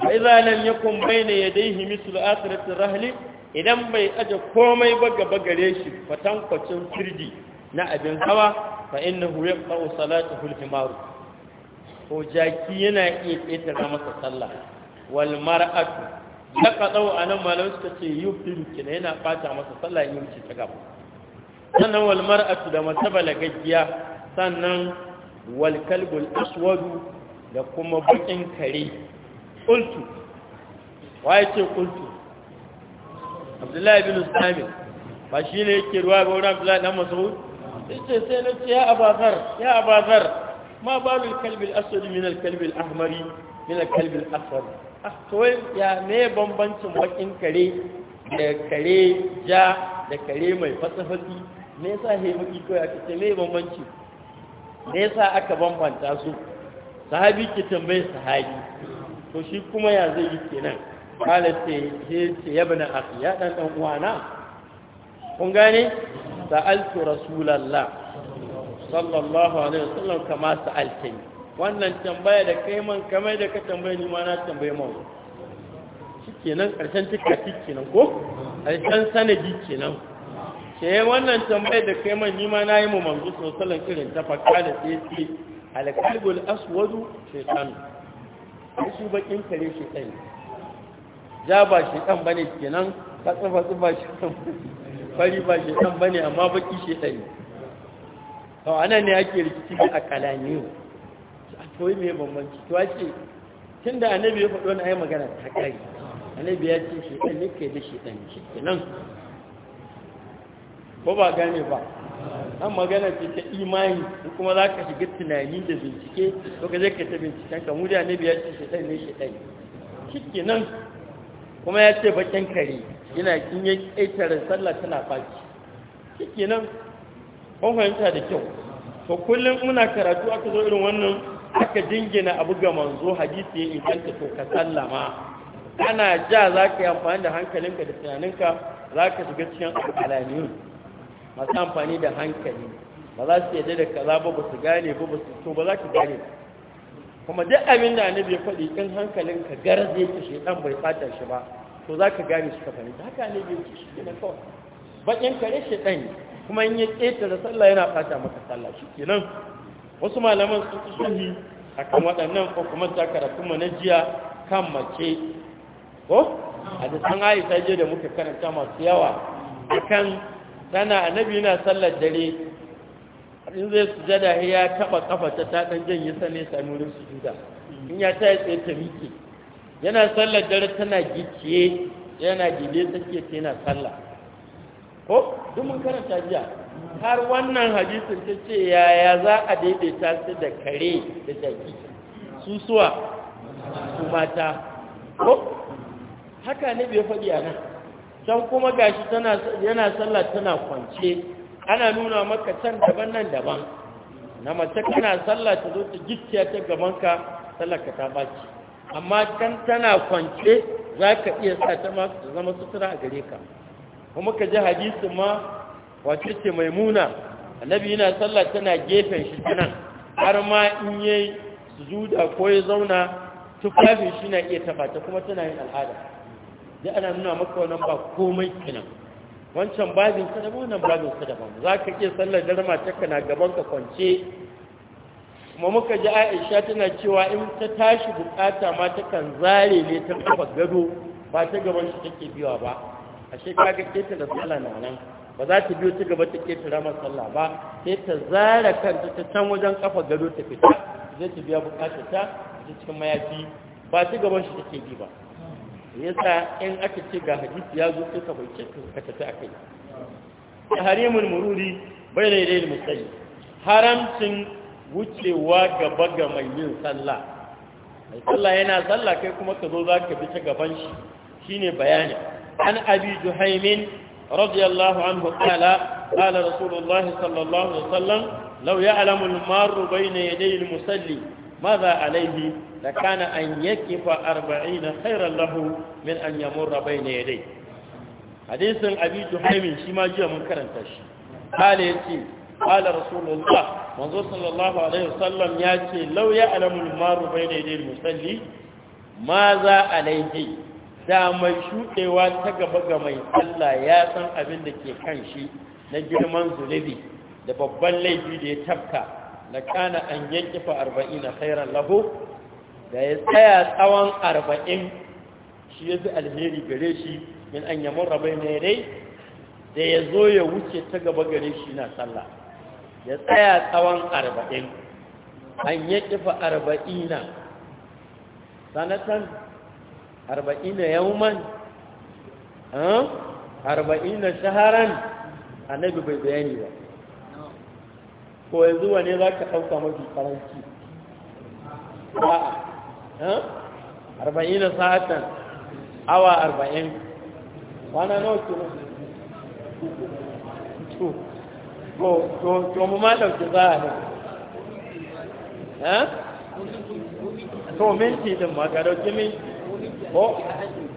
a fa ya lam yakun bayna yadayhi mislu akhirati rahali idan bai aje komai ba gaba gare shi fatankwacin firdi na abin hawa fa innahu huye ɓau salatu, hulhimaru ko jaki yana iya ƙetare masa sallah wal mar'atu a anan malamu suka ce yubdilu kina yana ɓata masa sallah in yi ta gaba sannan wal mar'atu da mace balagaggiya sannan walkalgul aswadu da kuma bukin kare ƙultu waye ce ƙultu abdullahi bin usami ba shi ne yake ruwa ga wurin abdullahi dan masaud yace sai na ce ya abazar ya abazar ma balul kalbil aswad min al kalbil ahmari min al kalbil aswad ah, to ya me bambancin bakin kare da kare ja da kare mai fasafasi me yasa he baki ko ya ce me bambancin? me yasa aka bambanta su sahabi ke tambaye sahabi to shi kuma ya zai yi kenan kala sai ce ya bana a ya dan dan uwana kun gane sa'altu rasulullah sallallahu alaihi wasallam kama sa'altani wannan tambaya da kai man kamar da ka tambaye ni ma na tambaye man kenan karshen tikka kenan ko karshen sanadi kenan ce wannan tambayar da kai man nima na yi mu manzo sosalan irin ta faka da sai ce alƙalgul aswadu shaitan ai shi bakin kare shaitan ja ba shaitan bane kenan ka tsufa tsufa shaitan fari ba ba bane amma baki shaitan to anan ne ake rikici da akalani a toyi mai bambanci to ake tunda annabi ya faɗo na ai magana ta kai annabi ya ce shaitan ne kai da shaitan shi kenan ko ba gane ba an magana ce ta imani kuma za ka shiga tunani da bincike ko ka je ka ta binciken ka muda ne biyar ce shaɗan ne shaɗan shi nan kuma ya ce bakin kare yana kin yi ƙetare sallah tana faki shi ke nan kun fahimta da kyau to kullum muna karatu aka zo irin wannan aka jingina abu ga manzo hadisi ya inganta to ka sallama ana ja za ka yi amfani da hankalinka da tunaninka za ka shiga cikin alamiyun masu amfani da hankali ba za su yadda da kaza ba ba su gane ba ba su to ba za ka gane kuma duk abin da annabi ya faɗi in hankalin ka garze ka shi ɗan bai fata shi ba to za ka gane shi ka fahimta haka annabi ya ce shi ne kawai bakin kare shi ɗan kuma in ya da sallah yana fata maka sallah shi kenan wasu malaman sun ci a akan waɗannan ko kuma ta karatu mu na jiya kan mace ko a da san ta je da muka karanta masu yawa akan tana annabi yana sallar dare in zai sujada ya taba ƙafa ta ta dan janye sane sami wurin sujuda in ya ta tsaye ta miƙe yana sallar dare tana gicciye yana ke take yana sallah ko duk mun karanta jiya har wannan hadisin ta ce yaya za a daidaita su da kare da jaki su suwa su mata ko haka ne bai faɗi a nan can kuma gashi tana yana sallah tana kwance ana nuna maka can daban nan daban na mace kana sallah ta zo ta gicciya ta gaban ka sallar ka ta baci amma can tana kwance za ka iya sa ta ma ta zama sutura a gare ka kuma ka ji hadisin ma wace ce mai muna annabi yana sallah tana gefen shi tana har ma in yayi zuda ko ya zauna tufafin shi na iya tafata kuma tana yin al'ada da ana nuna maka wannan ba komai kenan wancan babin ka daban wannan babin ka daban za ka iya sallar da rama ta kana gaban ka kwance kuma muka ji aisha tana cewa in ta tashi bukata ma ta kan zare ne ta kafa gado ba ta gaban shi take biwa ba ashe ke ta da sallah na nan ba za ta biyo ta gaba ta rama sallah ba sai ta zara kanta ta can wajen kafa gado ta fita zai ta biya bukatar cikin mayafi ba ta gaban shi take bi ba yasa in aka ce ga hadisi ya zo sai ka bai ce ka tafi akai harimul mururi bai da dai musayi haramcin wucewa gaba ga mai yin sallah mai sallah yana sallah kai kuma ka zo zaka bi ta gaban shi shine bayani an abi juhaimin radiyallahu anhu qala qala rasulullahi sallallahu alaihi wasallam law ya'lamu al-marru bayna yaday al-musalli maza alaihi da kana an yakifa arba'ina khairan lahu min an yamurra bayna yadai hadisin abi tuhaimin shi ma jiya mun karanta shi kale yace qala rasulullah manzo sallallahu alaihi wasallam yace law ya'lamu al-maru bayna yadai musalli maza alaihi da mai shudewa ta gaba ga mai Allah ya san abin da ke kan shi na girman zunubi da babban laifi da ya tafka da kana an yankifa arba'ina khairan lahu da ya tsaya tsawon arba'in shi ya fi alheri gare shi min an yamur rabai ne dai da ya zo ya wuce ta gaba gare shi na sallah ya tsaya tsawon arba'in an ya kifa arba'ina sanatan arba'ina yauman eh, arba'ina shaharan annabi bai bayani ba ko yanzu ne za ka ɗauka mafi karanci a'a eh? arba'in da sa'atan awa arba'in Bana nawa ke to to to mu ma dauke za a nan eh? to minti din ma ka ɗauki minti ko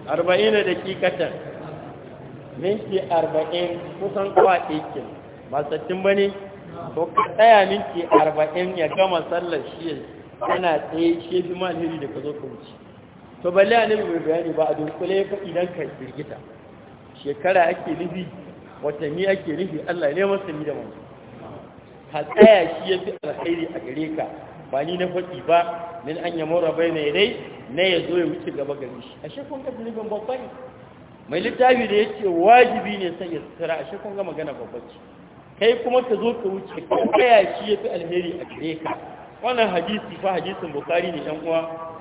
arba'in da dakikatan minti arba'in kusan kwaɗe ke ba sattin ba ne to ka tsaya minti arba'in ya gama sallar shi yana tsaye shi fi malheri da ka zo ka wuce to balle a nemi mai bayani ba a dunkule ya faɗi don ka firgita shekara ake nufi watanni ake nufi allah ne masa ni da manzo ka tsaya shi ya fi alkhairi a gare ka ba ni na faɗi ba min an yi mora bai na dai na ya zo ya wuce gaba gare shi a shekun ka zunubin babba mai littafi da ya ce wajibi ne sanya sutura a shekun ga magana babba ce kai kuma ka zo ka wuce ka kaya shi ya fi alheri a gare ka wannan hadisi fa hadisin bukari ne yan uwa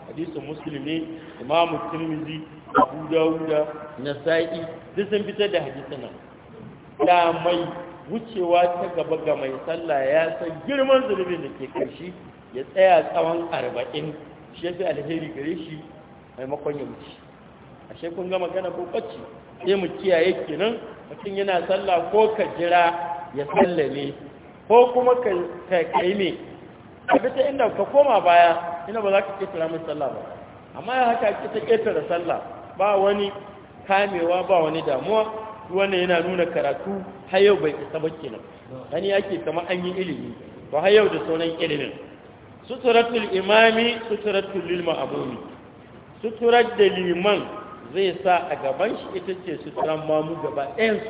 hadisin muslim ne imamu tirmizi abu dawuda nasa'i duk sun fitar da hadisin nan da mai wucewa ta gaba ga mai sallah ya san girman zunubin da ke karshe ya tsaya tsawon arba'in shi ya fi alheri gare shi maimakon ya wuce ashe kun ga magana ko kwacce sai mu kiyaye kenan mutum yana sallah ko ka jira ya sallame ko kuma ka kai ne a bita inda ka koma baya ina ba za ka ƙetara mai sallah ba amma ya haka ake ta ƙetara sallah ba wani kamewa ba wani damuwa wannan yana nuna karatu har yau bai isa ba kenan gani ake kamar an yi ilimi ba har yau da sauran ilimin suturatul imami suturatul lilma ma'mumi suturar da liman zai sa a gaban shi ita ce suturan mamu gaba ɗayansu.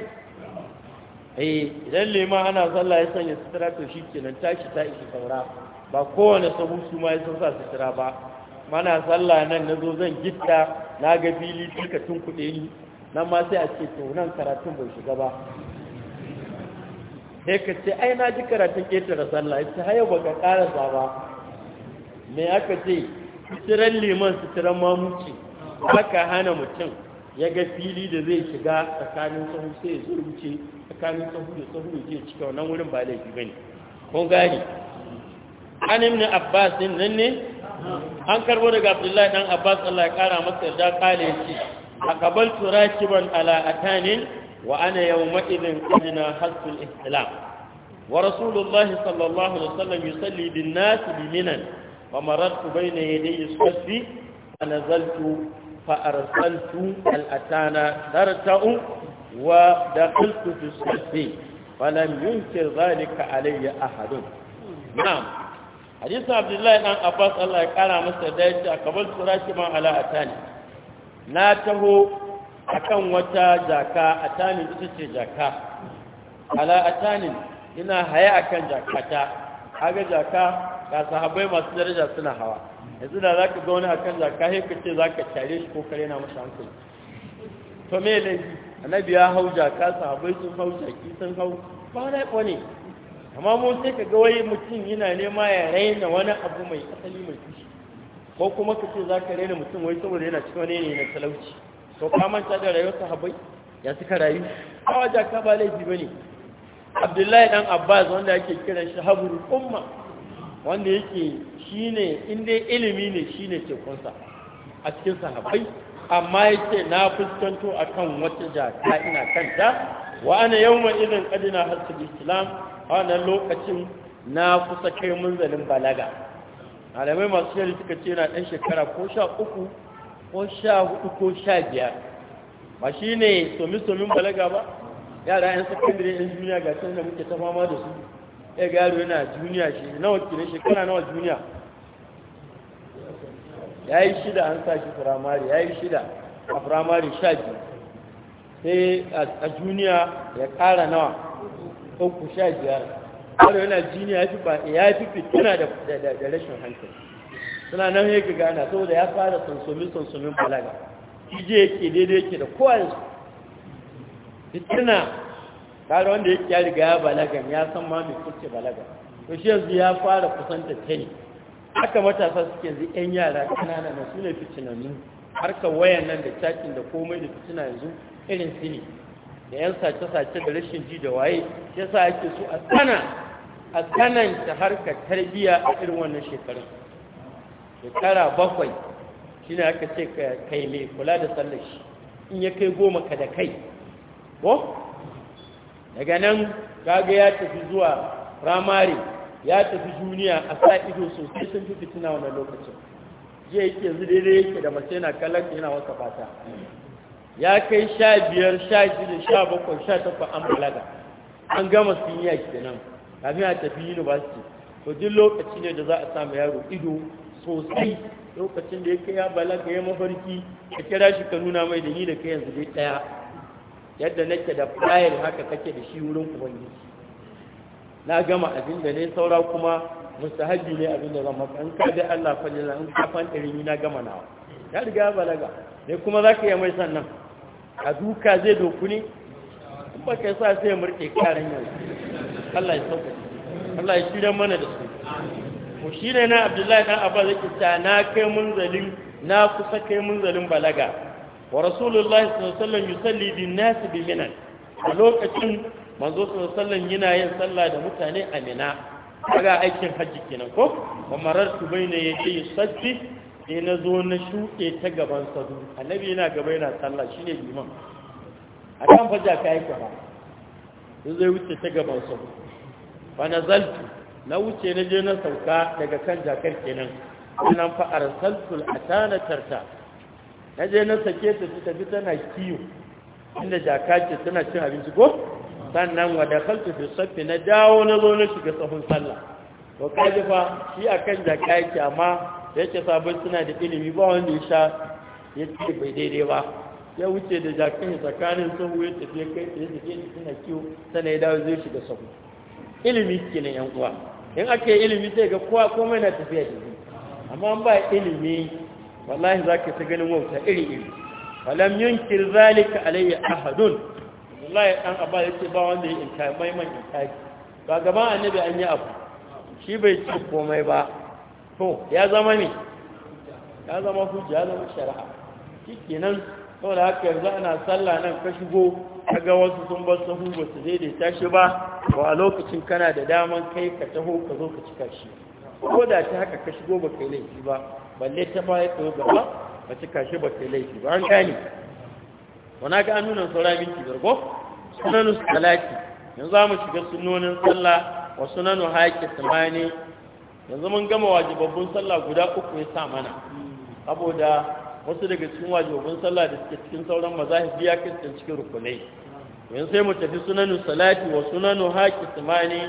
eh idan lema ana sallah ya sanya sutura to shi kenan tashi ta ishi saura ba kowane sabu su ma ya san sa sutura ba mana sallah nan na zo zan gitta na ga fili duka tun kuɗe ni nan ma sai a ce to nan karatun bai shiga ba sai ka ce ai na ji karatun ƙetare sallah ya ce haya baka ƙarasa ba me aka ce suturan liman suturan mamuci haka hana mutum ya ga fili da zai shiga tsakanin tsohu sai ya rubuce, tsakanin tsohu da tsahu ya je cika wannan wurin ba laifi ba ne kun gani. an imni abbas din nan ne an karbo daga abdullahi dan abbas allah ya kara masa yarda kale ya ce a kabal turakiban ala atanin wa ana yau ma'izin qadna hasul islam wa rasulullahi sallallahu alaihi wasallam yusalli bin nas bi minan wa marartu bayna yadayi safi fa nazaltu Fa'ar sautin al'ada na, na da ta'uwa Ina Hadiza Abdullahi ɗan Abba Sallar ƙara a kamar sun rashi man al'ada ne. Na taho a kan wata jaka, jakata, a ga jaka gasa-hababai masu daraja suna hawa. yanzu da za ka ga wani akan zaka he ka ce za ka tare shi ko kare na masu hankali to me laifi annabi ya hau jaka sahabai sun hau jaki sun hau ba na ko ne amma mun sai ka ga wai mutum yana nema ya raina wani abu mai asali mai kishi ko kuma ka ce za ka raina mutum wai saboda yana cikin wani ne na talauci to ka manta da rayuwar sahabai ya suka rayu a jaka ba laifi ba ne abdullahi dan abbas wanda ake kiran shi haburu umma wanda yake shine in dai ilimi ne shine tekunsa a cikin sahabai. amma yake na fuskanto kan wata jaka ina kanta wa ana yawma idan kadina hasu islam a wannan lokacin na kusa kai munzalin balaga alamai masu shari suka ce na ɗan shekara ko sha uku ko sha hudu ko sha biyar ba shi ne somi-somin balaga ba yara 'yan sakandare 'yan duniya ga can da muke ta fama da su ya gado yana shi nawa nawa ya yi shida shi firamare ya yi shida a sha biyu sai a ya kara nawa sha biyar yana fi fitina da rashin hankali suna nan ya ga gana saboda ya fara sansomin-sansomin balaga ije yake daidai yake da kowa fitina kare wanda ya riga ya balaga ya san ma mai kurce balagan to shi yanzu ya fara kusanta ta ne haka matasa suke yanzu yan yara kanana na su ne fitinannu harkar wayan nan da cakin da komai da fitina yanzu irin su ne da yan sace-sace da rashin ji da waye ya sa ake so a tsana a ta harkar tarbiyya a irin wannan shekarun shekara bakwai shi ne aka ce kai mai kula da sallar in ya kai goma ka da kai ko daga nan kaga ya tafi zuwa firamare ya tafi juniya a sa ido sosai sun fi fitina wannan lokacin jiya yake yanzu daidai yake da mace yana kallon yana wasa fata ya kai sha biyar sha shida sha bakwai sha takwas an balaga an gama sun yi nan, kafin a tafi university to duk lokaci ne da za a samu yaro ido sosai lokacin da ya kai ya balaga ya mafarki ka kira shi ka nuna mai da ni da kai yanzu dai ɗaya yadda nake da fayil haka kake da shi wurin ubangiji na gama abin da ne saura kuma mustahabi ne abin da zan maka in ka da Allah falila in ka fan ni na gama nawa ya riga balaga ne kuma za ka yi mai sannan a duka zai doku ne in ba kai sa sai murke karin yau Allah ya sauka Allah ya shirya mana da su Ko shi ne na Abdullahi dan Abba zaki ta na kai munzalin na kusa kai munzalin balaga wa rasulullahi sallallahu alaihi wasallam bin-nasi bi mina a lokacin manzo sallallahu yana yin sallah da mutane a mina kaga aikin hajji kenan ko wa marartu baina yake yusalli sai na zo na shuɗe ta gaban sadu annabi yana gaba yana sallah shine liman a kan faja ka yi kwara sai zai wuce ta gaban sadu fa nazaltu na wuce na je na sauka daga kan jakar kenan sannan fa arsaltul atana tarta na je na sake ta tafi tana kiyo inda jaka ce tana cin abinci ko sannan wa kaltu fi saffi na dawo na zo na shiga tsohon sallah to kaji fa shi akan jaka yake amma yake sabon suna da ilimi ba wanda ya sha ya ce bai daidai ba ya wuce da jakan ya tsakanin sahu ya tafi ya kai tafi ya suna kiyo sannan ya dawo zai shiga tsohon ilimi ke nan yan uwa in aka yi ilimi sai ga kowa komai na tafiya da amma an ba ilimi wallahi za ka ta ganin wauta iri iri falam yunkir zalika alayya ahadun wallahi dan abba ya ce ba wanda ya inta mai mai inta ba gaban annabi an yi abu shi bai ci komai ba to ya zama ne ya zama hujja ya zama shari'a shikenan saboda haka yanzu ana sallah nan ka shigo kaga wasu sun bar sahu ba su daidaita shi ba ba a lokacin kana da daman kai ka taho ka zo ka cika shi ko da ta haka ka shigo ba kai laifi ba balle ta baya ko gaba ba cika shi ba sai laifi ba an gani wana ga an nuna saura binci zargo sunanu salati yanzu za mu shiga sunonin sallah wa sunanu haƙi samani yanzu mun gama wajibabbun sallah guda uku ya sa mana saboda wasu daga cikin wajibabbun sallah da suke cikin sauran mazahibi ya kirkin cikin rukunai yanzu sai mu tafi sunanu salati wa sunanu haƙi samani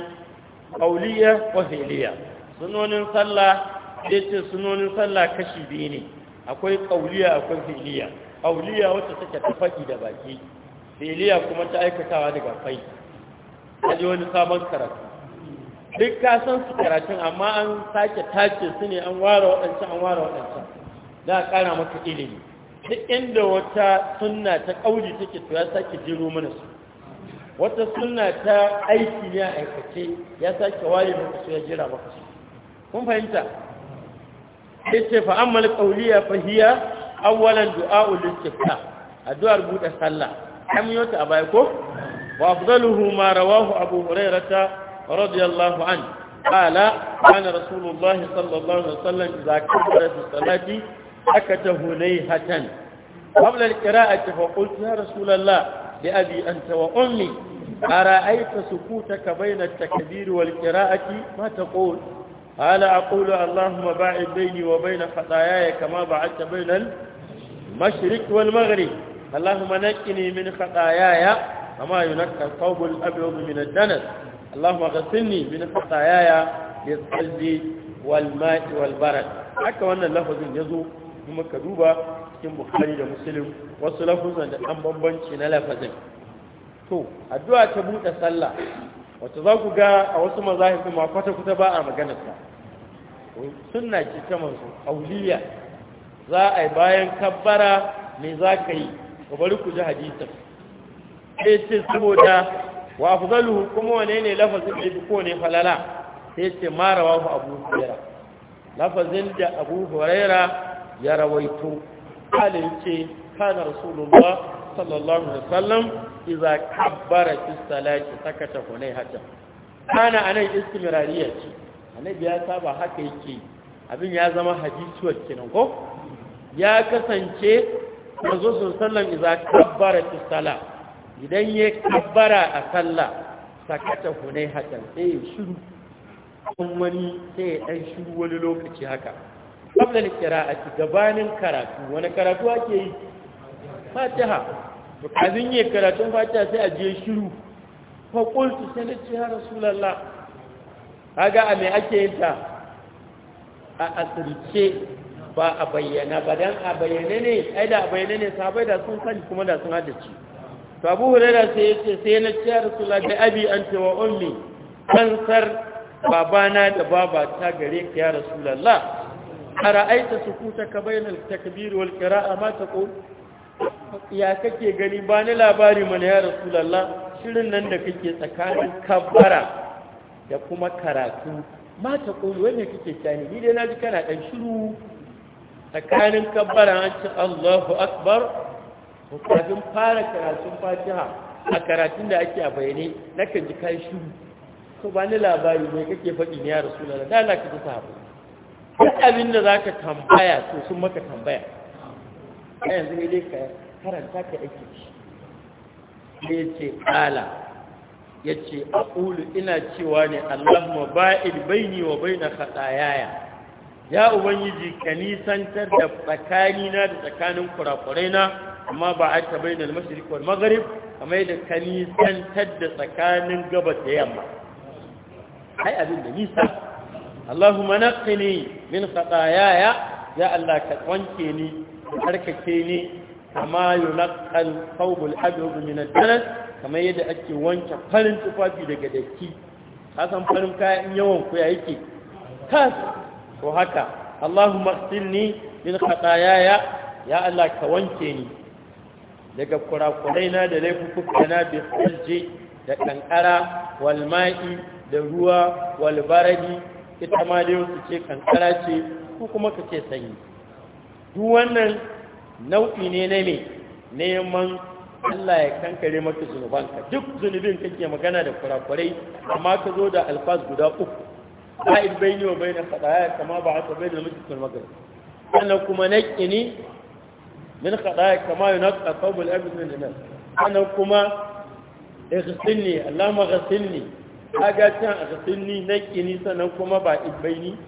kauliya wa hiliya sunonin sallah ya ce sunonin sallah kashi biyu ne akwai ƙauliya akwai filiya ƙauliya wacce take ta faɗi da baki filiya kuma ta aikatawa daga fai kaji wani sabon karatu duk ka san su karatun amma an sake tace su ne an ware waɗancan an ware waɗancan za a ƙara maka ilimi duk inda wata sunna ta ƙauli take to ya sake jiro mana su wata sunna ta aiki ne a aikace ya sake waye maka su ya jira maka su kun fahimta yace fa ammal qawliya fa hiya awwalan du'a'ul istiftah addu'ar buɗe sallah kam yota a baya ko wa afdaluhu ma rawahu abu hurairata radiyallahu an qala kana rasulullah sallallahu alaihi wasallam idza kabara fi salati akatahu layhatan qabla al-qira'ati fa qultu ya rasulallah bi abi anta wa ummi ara'aita sukutaka bayna at-takbir wal-qira'ati ma taqul قال أقول اللهم باعد بيني وبين خطاياي كما بعدت بين المشرق والمغرب اللهم نقني من خطاياي كما ينقى الثوب الأبيض من الدنس اللهم غسلني من خطاياي بالثلج والماء والبرد haka wannan lafazin ya zo kuma ka duba cikin bukhari da muslim wasu lafazan da ɗan bambanci na lafazin to addu'a ta buɗe sallah wata za ku ga a wasu mazahifin ma kwata-kwata ba a maganarsa sunna ce ta masu auliya za a yi bayan kabbara me za ka yi ba bari ku ji hadisar sai ce saboda wa afdaluhu kuma wane ne lafazin da fi kone falala sai ce ma rawahu abu huraira lafazin da abu huraira ya rawaito halin ce kana rasulullah sallallahu alaihi wasallam idza kabbara fi salati sakata hajjar kana anan istimrariya ce annabi ya saba haka yake abin ya zama hadisuwar kenan ko ya kasance manzo sallallahu idza kabbara fi sala idan ya kabbara a sallah sakata hunai hakan sai shiru kun wani sai ya dan shiru wani lokaci haka qabla al-qira'ati gabanin karatu wani karatu ake yi fatiha to kazin yi karatun fatiha sai a je shiru fa qultu sai na ce ya rasulullah kaga a me ake yin ta a asirce ba a bayyana ba dan a bayyane ne ai da a bayyane ne sabai da sun kan kuma da sun haddace to Abu Hurairah sai yace sai na ce Rasulullah da abi anta wa ummi kansar babana da babata gare ka ya Rasulullah ara'aita ka bainal takbir wal qira'a ma taqul ya kake gani ba ni labari mana ya Rasulullah shirin nan da kake tsakanin kabbara da kuma karatu Mata ta kulu kike kake tani ni dai na ji kana dan shiru tsakanin kabbara an ci Allahu akbar kafin fara karatun Fatiha a karatun da ake a bayyane nakan ji kai shiru to ba ni labari ne kake faɗi ne ya Rasulullah da Allah ka ta duk abin da zaka tambaya to sun maka tambaya yanzu ne dai ka karanta ka ake shi ne ce ala ya ce a ƙulu ina cewa ne allahumma ba'id baini wa baina khatayaya ya ubangiji ka nisantar da tsakanina da tsakanin kurakuraina amma ba a ta bainal mashriq wal maghrib kamar yadda ka nisantar da tsakanin gabas da yamma ai abin da nisa allahumma naqqini min khatayaya ya allah ka wanke ni ka harkake ni kama yunaqqal thawbul abyad min ad-danas kamar yadda ake wanke farin tufafi daga datti kasan farin kayan in yawan ku ya yake kas to haka Allahumma silni min khataayaya ya Allah ka wanke ni daga kurakurai na da laifuka na bi salji da kankara wal ma'i da ruwa wal baradi ita ma dai su ce kankara ce ko kuma ka ce sanyi duk wannan nau'i ne na me neman Allah ya kankare maka zunubanka duk zunubin kake magana da kurakurai amma ka zo da alfaz guda uku ba'id bayni wa bayna khataaya kama ba'atha baina al-masjid wal maghrib sannan kuma naqini min khataaya kama yunqa thawbul abd min an-nar sannan kuma ighsilni ma ghsilni kaga can ighsilni naqini sannan kuma ba ba'id bayni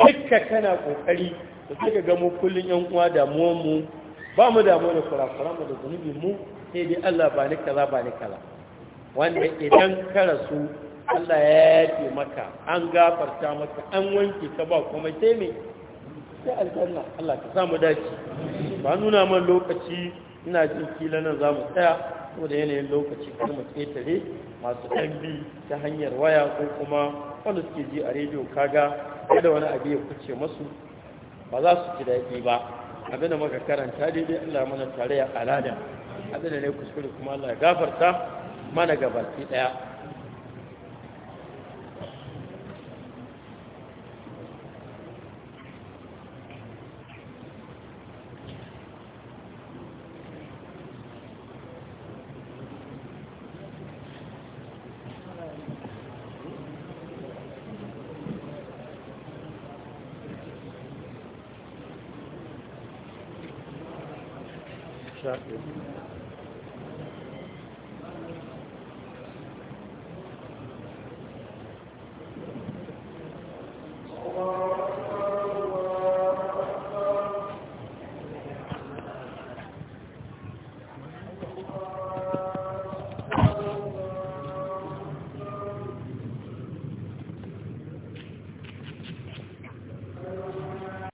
dukka kana kokari da kaga ga mu kullun yan uwa damuwan mu ba mu damu da kurakuran mu da zunubi mu sai dai Allah ba ni kaza ba ni kaza wanda idan ka rasu Allah ya yi maka an gafarta maka an wanke ka ba kuma sai me sai aljanna Allah ka samu dace ba nuna man lokaci ina jin kila nan za mu tsaya saboda yanayin lokaci kuma mu ketare masu ɗanbi ta hanyar waya ko kuma wanda suke ji a rediyo kaga kada wani abu ya kuce masu ba za su ci daɗi ba abinda muka karanta daidai Allah mana tare ya alada abinda ne kuskure kuma Allah ya gafarta mana gabaki daya